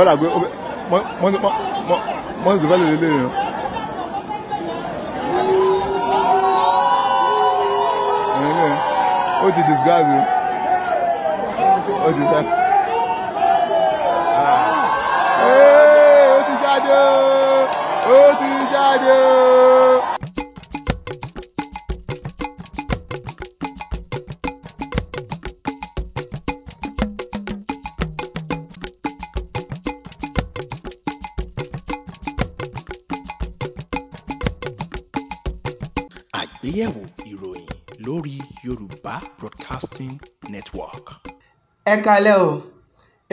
ọ là gbé mọ́tò tó fẹ́ lè lélẹ́yìn o. ó ti disguise o ó ti disguise ó ti jáde ó ti jáde. àgbéyẹ̀wò ìròyìn lórí Yorùbá Broadcasting Network. ẹ kalẹ́ o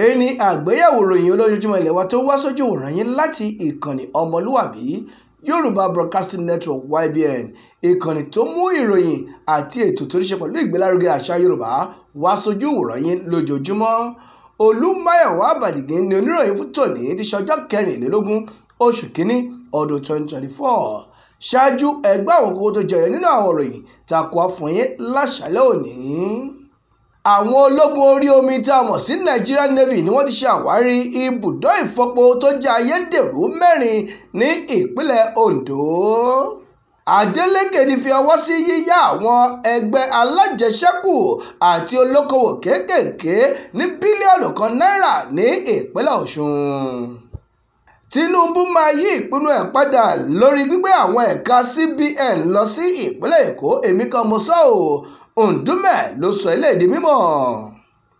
èyí ni àgbéyẹ̀wò ìròyìn olójoojúmọ́ ilé wa tó wá sójú wòran yín láti ìkànnì ọmọlúwàbí Yorùbá Broadcasting Network YBN ìkànnì tó mú ìròyìn àti ètò tó ní ṣe pẹ̀lú ìgbélárugẹ àṣà Yorùbá wá sójú wòran yín lójoojúmọ́ Olúmáyọ̀wá Àbàdìgí ni oníròyìn fún tòní ti ṣọjọ́ kẹrìnlélógún oṣù kínní ọdún 2024 ṣáájú ẹgbẹ́ àwọn kókó tó jẹyọ nínú àwọn ìròyìn takò àfọyín láṣálẹ́ òní. àwọn ológun orí omi tá a mọ̀ sí Nigerian Navy ni wọ́n ti ṣe àwárí ibùdó ìfọpo tó jẹ́ ayédèrú mẹ́rin ní ìpínlẹ̀ Ondo. Adeleke ti fi ọwọ́ sí yíyá àwọn ẹgbẹ́ alájẹṣẹ́kù àti olókoòwò kéékèèké ní bílíọ̀nù kan náírà ní ìpínlẹ̀ Ọ̀ṣun tinubu máa yí ìpinnu ẹ̀ padà lórí gbígbé àwọn ẹ̀ka cbn lọ sí ìpínlẹ̀ èkó èmi kan mo sọ ọ́ ǹdùmẹ̀ ló sọ eléyìí di mímọ́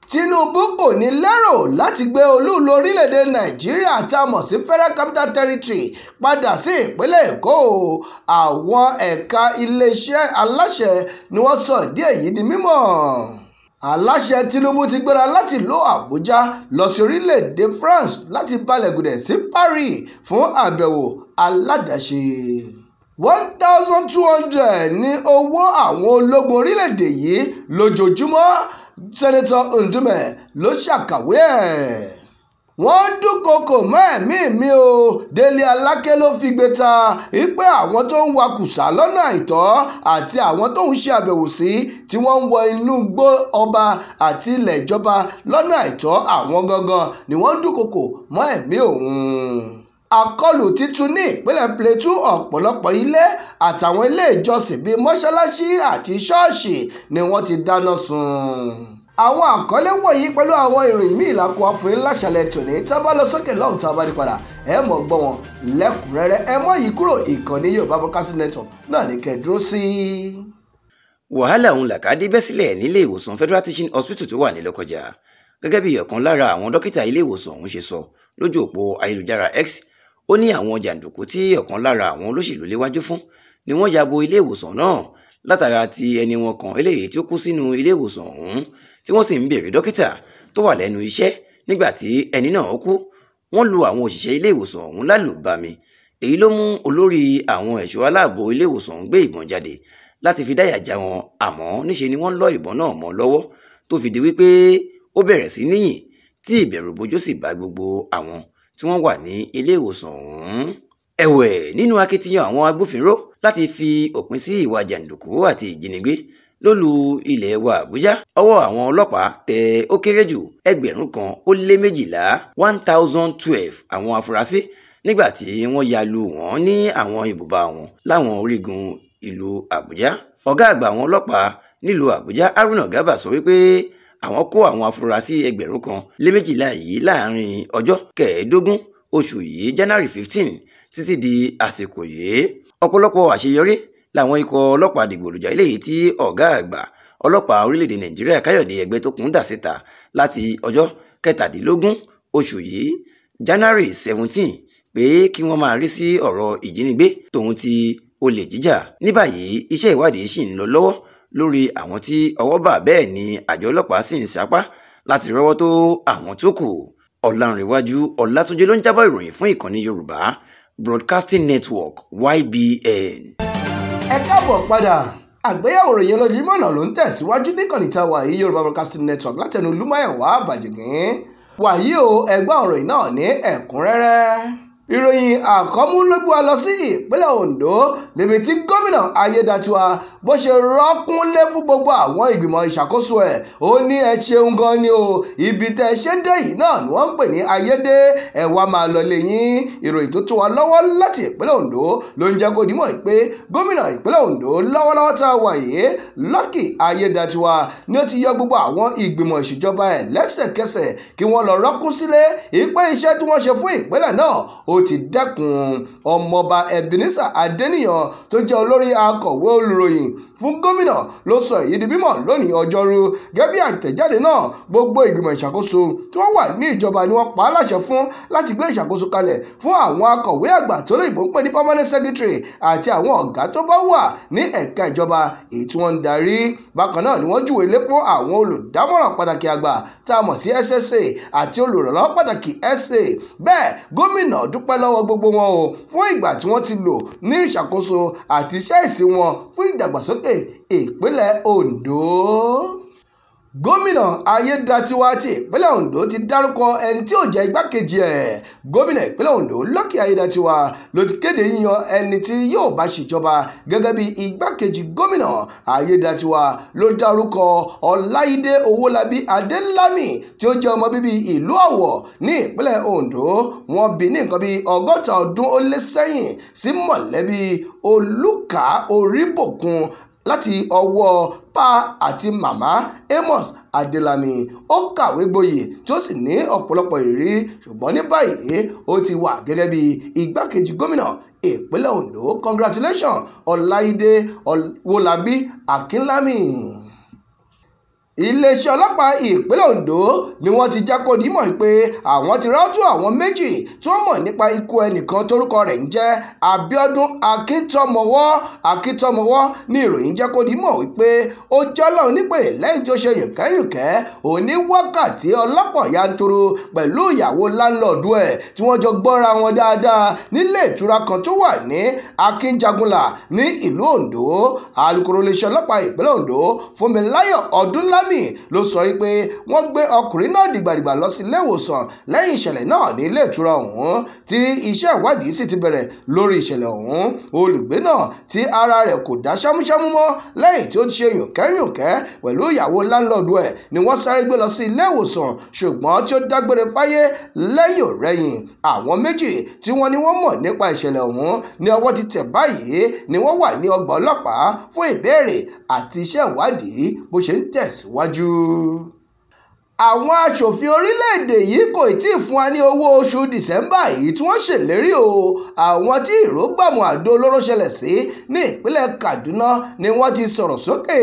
tinubu kò ní lérò láti gbé olúùlú orílẹ̀-èdè nàìjíríà tá a mọ̀ sí federal capital territory padà sí ìpínlẹ̀ èkó àwọn ẹ̀ka iléeṣẹ́ aláṣẹ ni wọ́n sọ díẹ̀ yìí di mímọ́ aláṣẹ Tinubu ti gbéra láti ìlú Àbújá lọ sí orílẹ̀-èdè France láti balẹ̀ gùdẹ̀ sí Paris fún àbẹ̀wò aládàáṣe. one thousand two hundred ní owó àwọn ológun orílẹ̀-èdè yìí lójoojúmọ́ Senator Ndume ló ṣàkàwé ẹ̀ wọ́n ń dúnkookò mọ́ ẹ̀mí mi o délé aláké ló figbe ta wípé àwọn tó ń wakùsà lọ́nà àìtọ́ àti àwọn tó ń ṣe àbẹ̀wò sí tí wọ́n ń wọ inú gbó ọba àti ilẹ̀ ìjọba lọ́nà àìtọ́ àwọn gangan ni wọ́n ń dúnkookò mọ́ ẹ̀mí òun àkọlù titun ní ìpínlẹ̀ Plateau ọ̀pọ̀lọpọ̀ ilé àtàwọn ilé ìjọsìn bíi mọ́ṣáláṣí àti ṣọ́ọ̀ṣì ni wọ́n ti dáná sun àwọn àkọlé wọ̀nyí pẹ̀lú àwọn ìròyìn míì làkó àfòyín láṣàlẹ̀ tòní tá a bá lọ sókè lọ́hùn tá a bá rí padà ẹ mọ̀ gbọ́ wọn lẹ́kùnrẹ́rẹ́ ẹ mọ̀ yìí kúrò ìkànnì Yorùbá Broadcasting Network náà ní kẹ́ dúró sí. wàhálà òun làkàdé bẹ́ sílẹ̀ nílé ìwòsàn Federal Teaching Hospital tó wà nílọ́kọjà gẹ́gẹ́ bí ọ̀kan lára àwọn dókítà ilé ìwòsàn ọ̀hún ṣe sọ lójú òpó ayélujára X ó ní àwọn jàǹdùkú tí ọ̀kan lára àwọn olóṣèlú léwájú fún ni wọ́n ya bo ilé ìwòsàn náà látara ti ẹni wọn kan eléyìí tí ó kú sínú ilé ìwòsàn ọ̀hún tí wọ́n sì ń béèrè dókítà tó wà lẹ́nu iṣẹ́ nígbà tí ẹni náà kú wọ́n lu àwọn òṣìṣẹ́ ilé ìwòsàn ọ̀hún lálùbami èyí ló mú olórí àwọn ẹ̀ṣọ́ aláàbò ilé ìwòsàn gbé ìbọn jáde láti fi dáyà já wọn àmọ́ níṣe ni wọ́n lọ ìbọn náà mọ́ lọ́wọ́ tó fi di wípé ó bẹ̀rẹ̀ sí níyìn tí ìbẹ̀rù bojo sì bá gbogbo àwọn tí wọ́n wà ní ilé ìwòsàn ọ̀hún ẹ̀wẹ̀ nínú akitiyan àwọn agbófinró láti fi òpin sí ìwà jàǹdùkú àti ìjínigbé lólú ilẹ̀ wa àbújá ọwọ́ àwọn ọlọ́pàá tẹ ó kéré jù ẹgbẹ̀rún kan ó lé méjìlá one thousand twelve àwọn afurasí nígbà tí wọ́n ya lu wọ́n ní àwọn ibùba wọn láwọn orígun ìlú àbújá ọ̀gá àgbà àwọn ọlọ́pàá nílùú àbújá haruna garba sọ wípé àwọn kó àwọn afurasí ẹgbẹ̀rún kan lé méjìlá yìí láàrin ọjọ́ kẹẹ̀ẹ́dógún oṣù yìí january fifteen títí di àsìkò yìí ọ̀pọ̀lọpọ̀ àṣeyọrí làwọn ikọ̀ ọlọ́pàá dìgbòlùjà eléyìí tí ọ̀gá àgbà ọlọ́pàá orílẹ̀-èdè nàìjíríà káyọ̀dé ẹgbẹ́tókùn dà síta láti ọjọ́ kẹtàdínlógún oṣù yìí january seventeen pé kí wọ́n máa rí sí ọ̀rọ̀ ìjínigbé tòun ti olè jíjà ní báyìí iṣẹ́ ìwádìí sì ń lọ lọ́wọ́ lórí àwọn tí ọwọ́ bà bẹ́ẹ̀ ni àjọ ọlọ́pàá sì ń sapá láti rọ́wọ́ tó àwọn tó kù ọ̀làǹrẹ̀wájú ọ̀làtúnjẹ ló ń jábọ̀ ìròyìn fún ìkànnì yorùbá Broadcasting Network YBN. ẹ káàbọ̀ padà àgbéyẹ̀wò ròyìn ọlọ́jì mọ̀nà ló ń tẹ̀síwájú níkànnì tá a Yorùbá Broadcasting Network látẹnu Olúmáyọ̀wá Bàjẹ́gìn wàyí o ẹgbẹ́ ọ̀rọ̀ yìí náà ní ẹ̀kúnrẹ́rẹ́ ìròyìn àkọ́mú ló gbé wa lọ sí ìpínlẹ̀ Ondo níbi tí gómìnà Ayédàtiwa bó ṣe rọ́kúnlé fún gbogbo àwọn ìgbìmọ̀ ìṣàkóso ẹ̀ ó ní ẹ ṣeun gan ni o ibi tẹ́ ẹ ṣe ń dé yìí náà ni wọ́n ń pè ní ayédè ẹ wá máa lọ lé yín ìròyìn tó tó wa lọ́wọ́ láti ìpínlẹ̀ Ondo ló ń jẹ́ kó dìímọ̀ pé gómìnà ìpínlẹ̀ Ondo lọ́wọ́lọ́wọ́ tá a wà yìí Lucky Ayédàtiwa ni ó ti yọ gbogbo àwọn ìgbìmọ̀ ìṣèjọba ẹ̀ lẹ́sẹ̀kẹsẹ̀ kí wọ́n lọ rọ́kún sílé ìpè iṣẹ́ tí wọ́n ṣe ti dẹ́kun ọmọọba ebenezer adeniran tó jẹ́ olórí akọ̀wé olùròyìn fún gómìnà ló sọ èyí di mímọ̀ lónìí ọjọ́rú gẹ́gẹ́ bí àtẹ̀jáde náà gbogbo ìgbìmọ̀ ìṣàkóso tí wọ́n wà ní ìjọba ni wọ́n pa á láṣẹ fún láti gbé ìṣàkóso kalẹ̀ fún àwọn akọ̀wé àgbà tó lóyìnbó ń pè ní permanent secretary àti àwọn ọ̀gá tó bá wà ní ẹ̀ka ìjọba èyí tí wọ́n ń darí bákan náà ni wọ́n júwe lé fún àwọn olùdámọ̀ràn pàtàkì àgbà tá a mọ̀ sí SSA àti olùrànlọ́wọ́ pàtàkì SA bẹ́ẹ̀ gómìnà dúpẹ́ lọ́wọ́ gbogbo wọn o fún ìgbà tí wọ́n ti lò ní ìṣàkóso àti iṣẹ́ ìsìn wọn fún ìdàgbàsókè Dangote ìpínlẹ̀ Ondo gómìnà Ayédátiwá ti ìpínlẹ̀ Ondo ti dárúkọ ẹni tí ó jẹ́ igbákejì ẹ̀ gómìnà ìpínlẹ̀ Ondo Lucky Ayédátiwá ló ti kéde yíyan ẹni tí yóò bá ṣèjọba gẹ́gẹ́ bí igbákejì gómìnà Ayédátiwá ló dá orúkọ Ọláìdé Owólabí Adélámì tí ó jẹ́ ọmọ bíbí ìlú Ọ̀wọ̀ ní ìpínlẹ̀ Ondo wọ́n bí ní nǹkan bí ọgọ́ta ọdún ó lé sẹ́yìn sí mọ̀lẹ́bí Olùkà Oríbòkun láti ọwọ́ pa àti màmá Amos Adelami ó kàwé gboyè tí ó sì ní ọ̀pọ̀lọpọ̀ ìrírí ṣùgbọ́n ní báyìí ó ti wà gẹ́gẹ́ bí igbákejì gómìnà ìpínlẹ̀ Ondo congratulations Ọláìdé Ọwọ́lábí Akínlámì iléeṣẹ́ ọlọ́pàá ìpínlẹ̀ Ondo ni wọ́n ti jẹ́ kó di mọ̀ pé àwọn ti rájú àwọn méjì tí wọ́n mọ̀ nípa ikú ẹnìkan tórúkọ rẹ̀ ń jẹ́ Abíọ́dún Akíntọ́mọwọ́ Akíntọ́mọwọ́ ní ìròyìn jẹ́ kó di mọ̀ wípé ó jẹ́ Ọlọ́run nípè lẹ́yìn tó ṣe yùnkẹ́yùnkẹ́ òní wákàtí ọlọ́pọ̀ yanturu pẹ̀lú ìyàwó láńlọ́ọ̀dù ẹ̀ tí wọ́n jọ gbọ́ra wọn dáadáa nílé ìtura kan tó wà ní Akínjagunlà ní ìlú Ondo alukoro iléeṣẹ́ ọlọ́pàá ìpínlẹ̀ Ondo Fúnmiláyọ̀ Ọdúnládé Fáyẹ́mì ló sọ pé wọ́n gbé ọkùnrin náà dìgbàdìgbà lọ sí ilé ìwòsàn lẹ́yìn ìṣẹ̀lẹ̀ náà ní ilé ìtura ọ̀hún tí iṣẹ́ ìwádìí sì ti bẹ̀rẹ̀ lórí ìṣẹ̀lẹ̀ ọ̀hún olùgbé náà tí ara rẹ̀ kò dá ṣámúṣámú mọ́ lẹ́yìn tí ó ti ṣe yùnkẹ́yùnkẹ́ pẹ̀lú ìyàwó láńlọ́ọ̀dù ẹ̀ ni wọ́n sáré gbé lọ sí ilé ìwòsàn ṣùgbọ́n tí ó dágbére fáyé lẹ́yìn ò rẹ́yìn àwọn méjì tí wọ́n ní wọ́n mọ̀ nípa ìṣẹ̀lẹ̀ ọ̀hún ni ọwọ́ ti tẹ̀ báyìí ni wọ́n wà ní ọgbà ọlọ́pàá fún ìbéèrè àti iṣẹ́ ìwádìí bó ṣe ń tẹ̀síwájú tẹ̀síwájú. àwọn aṣòfin orílẹ̀-èdè yìí kò tí ì fún wa ní owó oṣù dìsẹ́mbà yìí tí wọ́n ṣèlérí o àwọn tí ìrógbàmù àdó olóró ṣẹlẹ̀ sí ní ìpínlẹ̀ kaduna ni wọ́n ti sọ̀rọ̀ sókè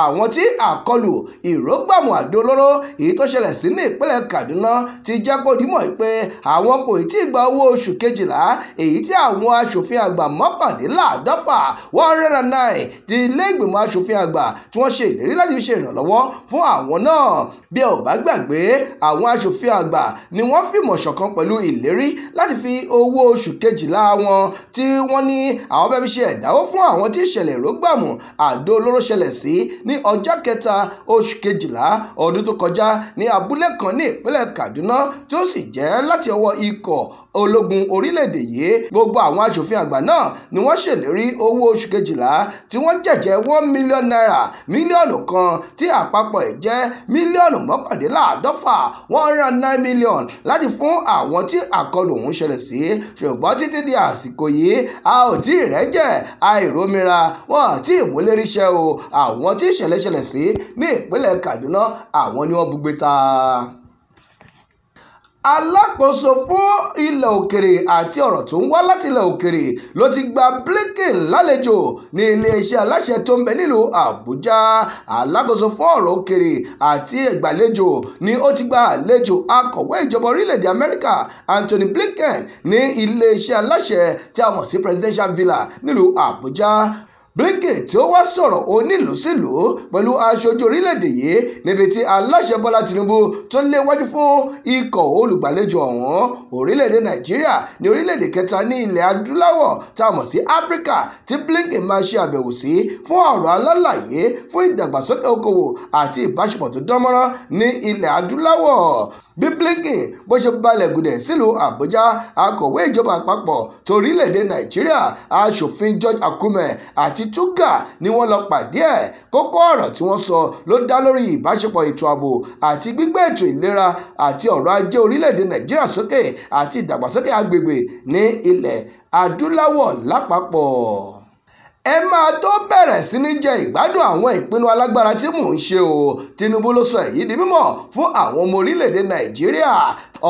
àwọn tí àkọlù ìrógbàmù àdó olóró èyí tó ṣẹlẹ̀ sí ní ìpínlẹ̀ Kaduna ti jẹ́ kó dìmọ̀ pé àwọn kò tí ì gba owó oṣù kejìlá èyí tí àwọn aṣòfin àgbà mọ́kàndínláàdọ́fà one hundred and nine ti ilé ìgbìmọ̀ aṣòfin àgbà tí wọ́n ṣe ìlérí láti fi ṣe ìrànlọ́wọ́ fún àwọn náà bí ẹ ò bá gbàgbé àwọn aṣòfin àgbà ni wọ́n fìmọ̀ ṣọ̀kan pẹ̀lú ìlérí láti fi owó oṣù kejìlá wọn tí wọ́n ní àwọn fẹ́ fi ṣe ẹ̀dáwó fún àwọn tí ìṣẹ̀lẹ̀ ìrógbàmù àdó olóró ṣẹlẹ̀ sí ní ọjọ́ kẹta oṣù kejìlá ọdún tó kọjá ní abúlé kan ní ìpínlẹ̀ Kaduna tí ó sì jẹ́ láti ọwọ́ ikọ̀ ológun orílẹ̀-èdè yìí gbogbo àwọn aṣòfin àgbà náà ni wọ́n ṣèlérí owó oṣù kejìlá tí wọ́n jẹ̀jẹ̀ one million naira mílíọ̀nù kan tí àpapọ̀ ẹ̀ jẹ́ mílíọ̀nù mọ́kàndínláàdọ́fà one hundred nine million láti fún àwọn tí àkọlù ọ̀hún ṣẹlẹ̀ sí ṣùgbọ́n títí di àsìkò yìí a ò tí ì rẹ́jẹ̀ àìrómira wọn àti ìmúléríṣẹ́ o àwọn tí ìṣẹ̀lẹ̀ ṣẹlẹ̀ sí ní ìpínlẹ̀ Kaduna àwọn ni wọ́n bugbe ta alákòóso fún ilẹ̀ òkèrè àti ọ̀rọ̀ tó ń wá láti ilẹ̀ òkèrè ló ti gba blinken lálejò ní iléeṣẹ́ aláṣẹ tó ń bẹ nílùú àbújá alákòóso fún ọ̀rọ̀ òkèrè àti ìgbàlejò ni ó ti gba àlejò akọ̀wé ìjọba orílẹ̀-èdè amẹ́ríkà anthony blinken ní iléeṣẹ́ aláṣẹ tí a mọ̀ sí presidential villa nílùú àbújá Blinken tí ó wá sọ̀rọ̀ onílùúsílùú pẹ̀lú aṣojú orílẹ̀-èdè yìí níbi tí aláṣẹ Bọ́lá Tinubu tó léwájú fún ikọ̀ olùgbàlejò ọ̀hún orílẹ̀-èdè Nàìjíríà ní orílẹ̀-èdè kẹta ní ilẹ̀ adúláwọ̀ tá a mọ̀ sí Áfíríkà tí Blinken máa ṣe àbẹ̀wò sí fún ọ̀rọ̀ alálàyé fún ìdàgbàsókè okòwò àti ìbáṣepọ̀ tó dánmọ́rán ní ilẹ̀ adúláwọ̀ bí blinken bó ṣe balẹ̀ gùdẹ̀ sílùú àbújá akọ̀wé ìjọba àpapọ̀ torílẹ̀-èdè nàìjíríà aṣòfin george akume àti tuga ni wọ́n lọ pàdé ẹ̀ kókó ọ̀rọ̀ tí wọ́n sọ ló dá lórí ìbáṣepọ̀ ètò ààbò àti gbígbé ètò ìlera àti ọ̀rọ̀ ajé orílẹ̀-èdè nàìjíríà sókè àti ìdàgbàsókè agbègbè ní ilẹ̀ adúláwọ̀ lápapọ̀ ẹ máa tó bẹ̀rẹ̀ sí ní jẹ ìgbádùn àwọn ìpinnu alágbára tí mò ń ṣe o Tinubu ló sọ èyí di mímọ̀ fún àwọn ọmọ orílẹ̀-èdè Nàìjíríà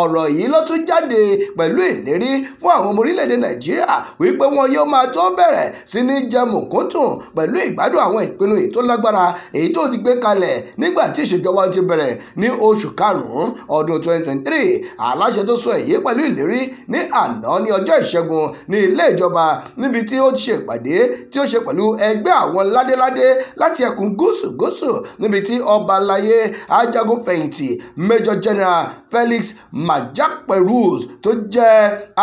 ọ̀rọ̀ yìí ló tún jáde pẹ̀lú ìlérí fún àwọn ọmọ orílẹ̀-èdè Nàìjíríà wípé wọn yóò máa tó bẹ̀rẹ̀ sí ní jẹ mùkúntùn pẹ̀lú ìgbádùn àwọn ìpinnu èyí tó lágbára èyí tó ti gbé kalẹ̀ nígbà tí ìṣèjọba ti bẹ̀rẹ̀ ní oṣù karùn-ún ọdún 2023 aláṣẹ tó sọ èyí pẹ̀lú ìlérí ní àná ní ọjọ́ ìṣẹ́gun ní ilé ìjọba níbi tí ó ti ṣèpàdé tí ó ṣe pẹ̀lú ẹgbẹ́ àwọn ládéládé láti ẹkùn gúúsù gúúsù níbi tí ọba Ajagun ajagunfẹ̀yìntì major general Felix Majapẹ̀rus tó jẹ́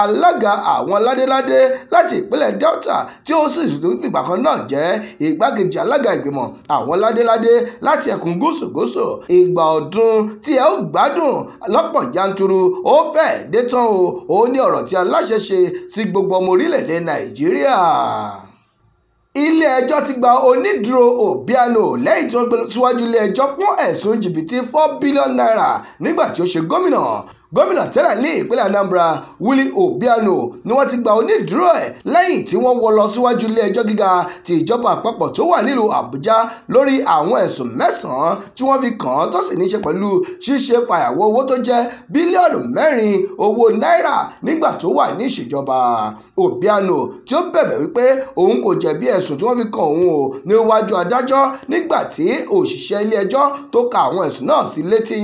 alága àwọn ládéládé láti ìpínlẹ̀ Delta tí ó sì fìgbà kan náà jẹ́ ìgbákejì alága ìgbìmọ̀ àwọn ládéládé láti ẹkùn gúúsù gúúsù ìgbà ọdún tí ẹ ó gbádùn lọ́pọ̀ yanturu ó fẹ́ dé tán o ó ní ọ̀rọ̀ tí aláṣẹ ṣe sí gbogbo ọmọ orílẹ̀-èdè Nàìjíríà ilé-ẹjọ́ ti gba onídùúró Obiano lẹ́yìn tí wọ́n gbé e síwájú ilé-ẹjọ́ fún ẹ̀sùn jìbìtì four billion naira nígbà tí ó ṣe gómìnà gómìnà tẹ́lẹ̀ ní ìpínlẹ̀ Anambra Willie Obiano ni wọ́n ti gba onídùúró ẹ̀ lẹ́yìn tí wọ́n wọ́ lọ síwájú ilé ẹjọ́ gíga ti ìjọba àpapọ̀ tó wà nílùú Àbújá lórí àwọn ẹ̀sùn mẹ́sàn-án tí wọ́n fi kàn án tó sì ní í ṣe pẹ̀lú ṣíṣe fàyàwọ́ owó tó jẹ́ bílíọ̀nù mẹ́rin owó náírà nígbà tó wà ní ìṣèjọba Obiano tí ó bẹ̀bẹ̀ wípé òun kò jẹ̀bi ẹ̀sùn tí wọ́n fi kàn òun o níwájú adájọ́ nígbà tí òṣìṣẹ́ ilé ẹjọ́ tó ka àwọn ẹ̀sùn náà sí létí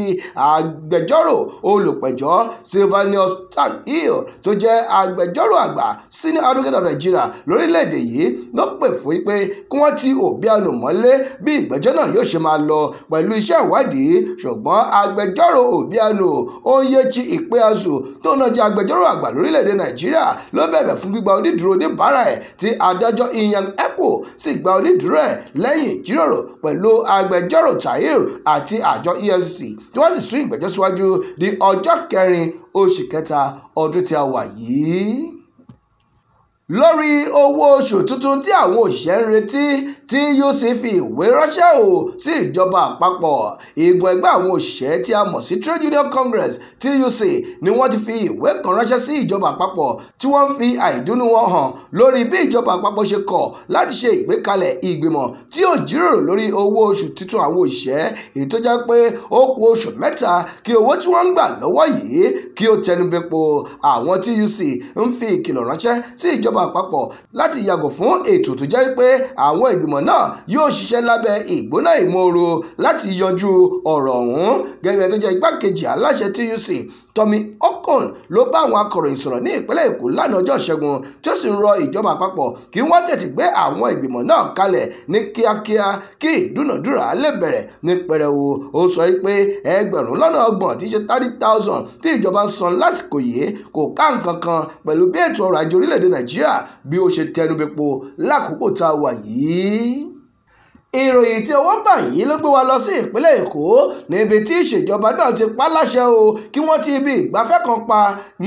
agbẹjọ́rò olùpẹ̀j ọ̀jọ́ Sylvanus Tanhill tó jẹ́ agbẹjọ́rò àgbà senior advocate of Nigeria lórílẹ̀‐èdè yìí ló pè fún pé kí wọ́n ti Obiano mọ́lé bí ìgbẹ́jọ́ náà yóò ṣe máa lọ pẹ̀lú iṣẹ́ ìwádìí ṣùgbọ́n agbẹjọ́rò Obiano Onyechi Ikpeazu tó náà jẹ́ agbẹjọ́rò àgbà lórílẹ̀‐èdè Nigeria ló bẹ̀bẹ̀ fún gbígba onídùúró oníbàárà ẹ̀ tí adájọ́ Inyang Epo sì gba onídùúró ẹ̀ lẹ́yìn ìjíròrò pẹ̀lú agbẹjọ́rò Tahir àti àjọ EFCC tí wọ́n sì sún ìgbẹ́jọ́ síwájú di ọjọ́ kẹrin oṣù kẹta ọdún tí a wà yìí lórí owó oṣù tuntun tí àwọn òṣìṣẹ́ ń retí tuc fi ìwé ránṣẹ́ o sí ìjọba àpapọ̀ ìgbọ̀n ẹgbẹ́ àwọn òṣìṣẹ́ tí a mọ̀ sí trade union congress tuc ni wọ́n ti fi ìwé kan ránṣẹ́ sí ìjọba àpapọ̀ tí wọ́n ń fi àìdùnnú wọn hàn lórí bí ìjọba àpapọ̀ ṣe kọ̀ láti ṣe ìgbékalẹ̀ ìgbìmọ̀ tí yóò jíròrò lórí owó oṣù tuntun àwọn òṣìṣẹ́ èyí tó jẹ́ pé ó kù oṣù mẹ́ta kí owó tí wọ́n ń gbà lọ́wọ́ yìí kí ó tẹnubẹ́po àwọn tuc ń fi ìkìlọ̀ ránṣẹ́ sí ìjọba ìjọba àpapọ̀ láti yàgò fún ètò tó jẹ́ pé àwọn ìgbìmọ̀ náà yóò ṣiṣẹ́ lábẹ́ ìgbóná ìmòòrò láti yanjú ọ̀rọ̀ ọ̀hún gẹ́gẹ́ tó jẹ́ igbákejì aláṣẹ tuc Tommy okon. ló bá àwọn akọ̀ròyìn sọ̀rọ̀ ní ìpínlẹ̀ Èkó lánàá ọjọ́ Ìṣẹ́gun tí ó sì ń rọ ìjọba àpapọ̀ kí wọ́n tètè gbé àwọn ìgbìmọ̀ náà kalẹ̀ ní kíákíá kí ìdúnàdúrà lè bẹ̀rẹ̀ ní pẹrẹwu ó sọ pé ẹgbẹ̀rún lọ́nà ọgbọ̀n tí ṣe thirty thousand tí ìjọba ń san lásìkò yìí kò ká nǹkan kan pẹ̀lú bí ètò ọrọ̀ ajé orílẹ̀-èdè Nàìjíríà bí ó ṣe tẹnubẹ́po lákòókò tá a wà yìí ìròyìn tí ọwọ́ bà yìí ló gbé wa lọ sí ìpínlẹ̀ èkó níbi tí ìṣèjọba náà ti pa láṣẹ o kí wọ́n ti ibi ìgbafẹ́ kan pa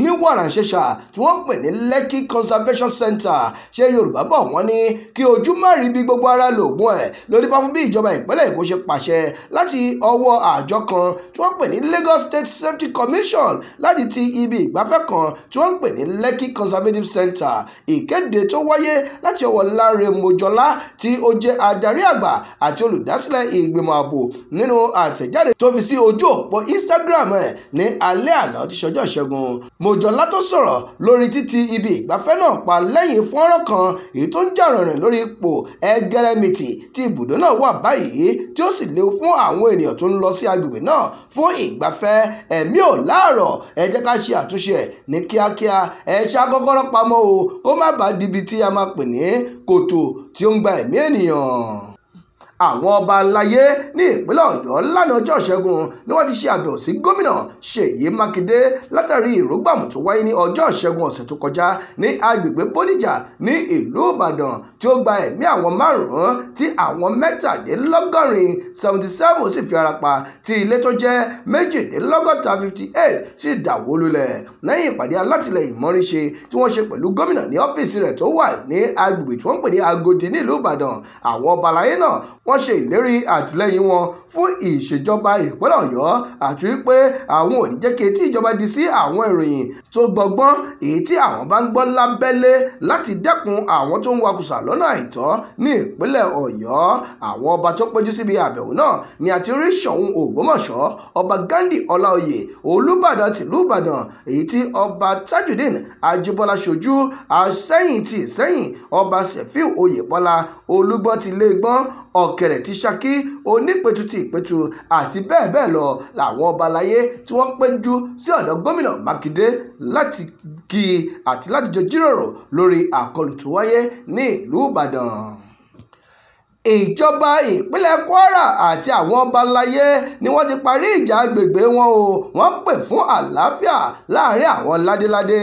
ní wàràǹṣeṣà tí wọ́n ń pè ní lekki conservation center ṣé yorùbá bọ̀ wọ́n ní kí ojú má rí bí gbogbo ara lògùn ẹ̀ lórí fáfún bí ìjọba ìpínlẹ̀ èkó ṣe pàṣẹ láti ọwọ́ àjọ kan tí wọ́n ń pè ní lagos state safety commission láti ti ibi ìgbafẹ́ kan tí wọ́n ń pè ní lekki conservative center ìkéde tó wáyé láti ọwọ́ láre mojọlá tí ó jẹ́ adarí àgbà àti olùdásílẹ̀ ìgbìmọ̀ ààbò nínú àtẹ̀jáde tó fi sí ojú òpó Instagram ẹ̀ ní alẹ́ àná tí ṣọjọ́ ìṣẹ́gun Mojọ́lá tó sọ̀rọ̀ lórí títì ibi ìgbafẹ́ náà pa lẹ́yìn fọ́nrán kan èyí tó ń jà rìnrìn lórí ipò ẹgẹrẹmìtì tí ibùdó náà wà báyìí tí ó sì léwu fún àwọn ènìyàn tó ń lọ sí agbègbè náà fún ìgbafẹ́ ẹ̀mí ò láàrọ̀ ẹ jẹ́ ká ṣe àtúnṣe ẹ̀ ní kíákíá ẹ ṣá kọ́kọ́rọ́ pamọ́ o kó má bàa dibi tí a máa pè ní kòtò tí ó ń gba ẹ̀mí ènìyàn àwọn ọba aláyé ní ìpínlẹ̀ ọ̀yọ́ lánàá ọjọ́ ìṣẹ́gun ni wọ́n ti ṣe àbẹ̀wò sí gómìnà ṣèyí mákindé látàrí ìrógbàmù tó wáyé ní ọjọ́ ìṣẹ́gun ọ̀sẹ̀ tó kọjá ní agbègbè bódìjà ní ìlú ìbàdàn tí ó gba ẹ̀mí àwọn márùn-ún tí àwọn mẹ́tàdínlọ́gọ́rin seventy seven sì fi ara pa tí ilé tó jẹ́ méjìdínlọ́gọ́ta fifty eight sì dàwó lulẹ̀ lẹ́yìn ìpàdé alátìlẹyìn mọ́ríṣe tí wọ́n ṣe pẹ̀lú gómìnà ní ọ́fíìsì rẹ̀ tó wà ní agbègbè tí wọ́n ń pè ní agodi nílùú ìbàdàn àwọn ọba wọ́n ṣe ìlérí àtìlẹ́yìn wọn fún ìṣèjọba ìpínlẹ̀ ọ̀yọ́ àti wípé àwọn ò ní ìjọba di sí àwọn ìròyìn tó gbọgbọ́n èyí tí àwọn bá ń gbọ́ lábẹ́lé láti dẹ́kun àwọn tó ń wakùsà lọ́nà àìtọ́ ní ìpínlẹ̀ ọ̀yọ́ àwọn ọba tó péjú síbi àbẹ̀wò náà ni àti rí ṣọ̀ún ògbómọ̀ṣọ́ ọba gandhi ọláoyè olúbàdàn tìlú ìbàdàn èyí tí ọba tajudeen ajíbọ́lá ṣojú àsẹ́yìn ti ìsẹ́yìn ọba sefiu oyèbọ́lá olúgbọ́n ti gbọ́n ọ̀k ọ̀kẹrẹ̀ ti ṣakí onípẹ̀tù ti ìpẹ̀tù àti bẹ́ẹ̀ bẹ́ẹ̀ lọ làwọn ọba aláyé tí wọ́n péjú sí ọ̀dọ̀ gómìnà mákindé láti kí àti láti jọ jíròrò lórí àkọlù tó wáyé ní ìlú ìbàdàn ìjọba ìpínlẹ̀ kwara àti àwọn ọba alayé ni wọ́n ti parí ìjà agbègbè wọn o wọ́n pè fún àlàáfíà láàrin àwọn ládéládé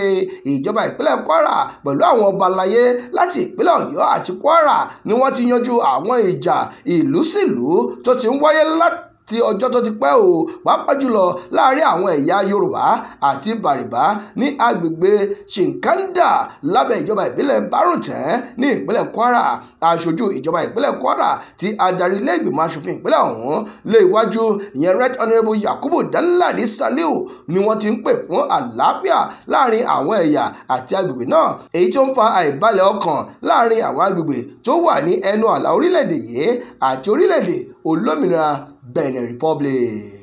ìjọba ìpínlẹ̀ kwara pẹ̀lú àwọn ọba alayé láti ìpínlẹ̀ ọ̀yọ́ àti kwara ni wọ́n ti yanjú àwọn ìjà ìlú sílùú tó ti ń wáyé láti ti ọjọ́ tó ti pẹ́ o pàápàá jùlọ láàrin àwọn ẹ̀yà Yorùbá àti Bàrìbá ní agbègbè Shinkanda lábẹ́ ìjọba ìbílẹ̀ Bárùntẹ́ ní ìpínlẹ̀ Kwara aṣojú ìjọba ìpínlẹ̀ Kwara ti adarí ilé ìgbìmọ̀ ìpínlẹ̀ ọ̀hún lé iwájú ìyẹn Right Honourable Yakubu Danladi Saliu ni wọ́n ti ń pè fún àlàáfíà láàrin àwọn ẹ̀yà àti agbègbè náà èyí tó ń fa àìbalẹ̀ ọkàn láàrin àwọn agbègbè tó wà ní ẹnu àlà orílẹ̀-èdè yìí àti orílẹ̀-èdè olómìnira Benin Republic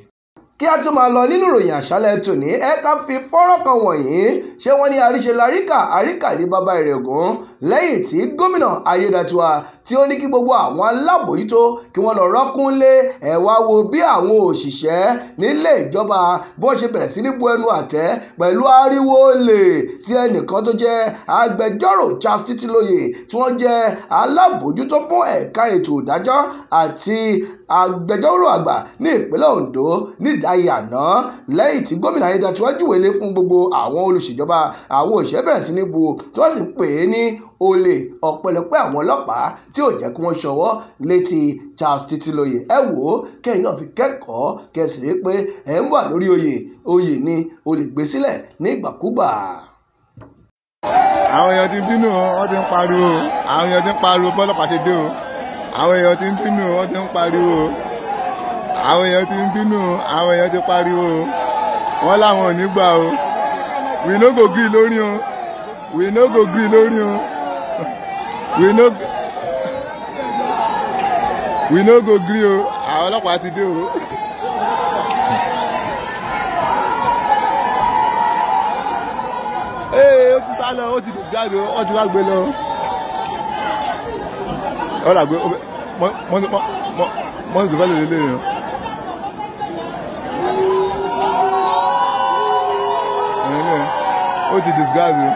kí a tó máa lọ nínú ìròyìn àṣálẹ́ tòní ẹ ká fi fọ́rọ̀ kan wọ̀nyí ṣé wọ́n ní àríṣe láríkà àríkà ní bàbá ìrẹ̀gùn lẹ́yìn tí gómìnà ayédatiwa tí ó ní kí gbogbo àwọn alábòójútó kí wọ́n lọ rọ́kúnlé ẹ wá wo bí àwọn òṣìṣẹ́ nílé ìjọba bí wọ́n ṣe bẹ̀rẹ̀ sí ní bu ẹnu àtẹ́ pẹ̀lú ariwo olè sí ẹnìkan tó jẹ́ agbẹjọ́rò Charles Títílóye tí wọ́n jẹ́ alábòójútó fún ẹ̀ka ayé àná lẹ́yìn tí gómìnà Ayédátiwá júwèé lé fún gbogbo àwọn olùṣèjọba àwọn òṣìṣẹ́ bẹ̀rẹ̀ sí ní bu tí wọ́n sì ń pè é ní olè ọ̀pẹ̀lẹpẹ̀ àwọn ọlọ́pàá tí ò jẹ́ kí wọ́n ṣọwọ́ létí Charles Títílóye ẹ wò ó kẹ́yìn náà fi kẹ́kọ̀ọ́ kẹsì rí pé ẹ̀ ń wà lórí oyè oyè ni olè gbé sílẹ̀ ní ìgbàkúgbà. àwọn èèyàn ti bínú wọn ti ń pariwo àwọn èèyàn ti ń pariwo bọ́lọ́pàá ṣe dé o àwọn èèyàn ti ń bínú wọn ti ń pariwo àwọn èèyàn ti ń bínú àwọn èèyàn ti pariwo o wọ́n ò ní gbà o we no go gree lórí o we no go gree lórí o we no we no go gree o àwọn ọlọ́pàá ti dé o. ee ó ti sá lọ ó ti disgard o ó ti wá gbé lọ ó là gbé mọ́tò mọ́tò mọ́tò tó fẹ́ lè lélẹ́yìn o. ó ti disguise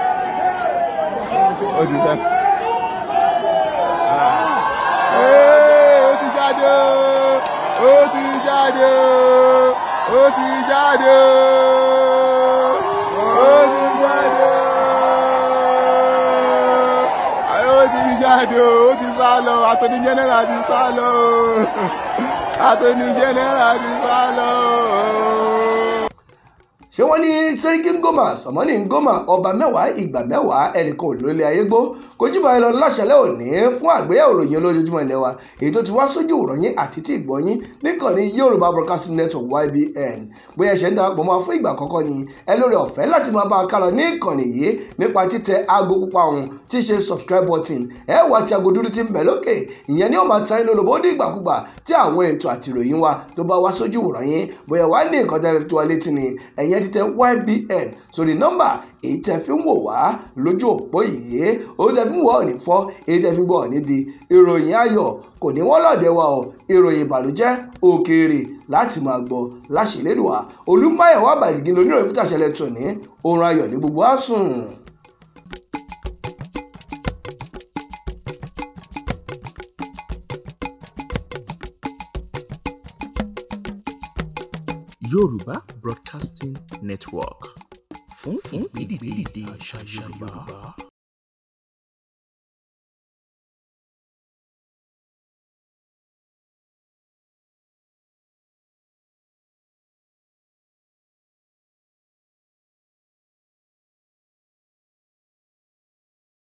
o ó ti sẹ́. ó ti jáde ó ti jáde ó ti jáde ó ti jáde ó ti jáde ó ti sá lọ ní sẹ́ríkì ngoma sọ̀mọ́nì ngoma ọba mẹ́wàá ìgbà mẹ́wàá ẹnìkan òlórílẹ̀ ayé gbó kojú báyìí lọ láṣẹlẹ̀ òní fún àgbéyẹ̀wò ìròyìn olójoojúmọ́ ilẹ̀ wa èyí tó ti wá sójú ìròyìn àti tí ìgbọ̀nyìn níkànnì Yorùbá Broadcasting Network YBN bóyá ẹ̀ṣẹ̀ ń darapọ̀ mọ́ fún ìgbà àkọ́kọ́ ni ẹ lórí ọ̀fẹ́ láti máa bá a kálọ ní ìkànnì yìí nípa títẹ aago pupa ọ̀hún tí í ṣe subscribe button ẹ wà tí aago dúdú ti ń bẹ̀ lókè ìyẹn ni ó máa ta inú olóbó ní ìgbàkúgbà tí àwọn ètò àti ìròyìn wa tó bá wá sójú ìròyìn bóyá wá ní ìkọ́jà tó wá létí ni ẹ̀yẹn títẹ ybn sórí nọ́mbà èyí tẹ́ fi ń wò wá lójú òpó yìí òun tẹ́ fi ń wò ọ́ ní fọ́ èyí tẹ́ fi ń wò ọ́ ní di ìròyìn ayọ̀ kò ní wọ́n lọ́dẹ̀ wa o ìròyìn ìbànújẹ́ òkèèrè láti máa gbọ́ láṣìlédùá olùmáyẹ̀wò àbàdìgín lóníròyìn fún tàṣẹlẹ̀ tòní òun ayọ̀ ní gbogbo á yorùbá broadcasting network fún ìgbédìde àṣà yorùbá.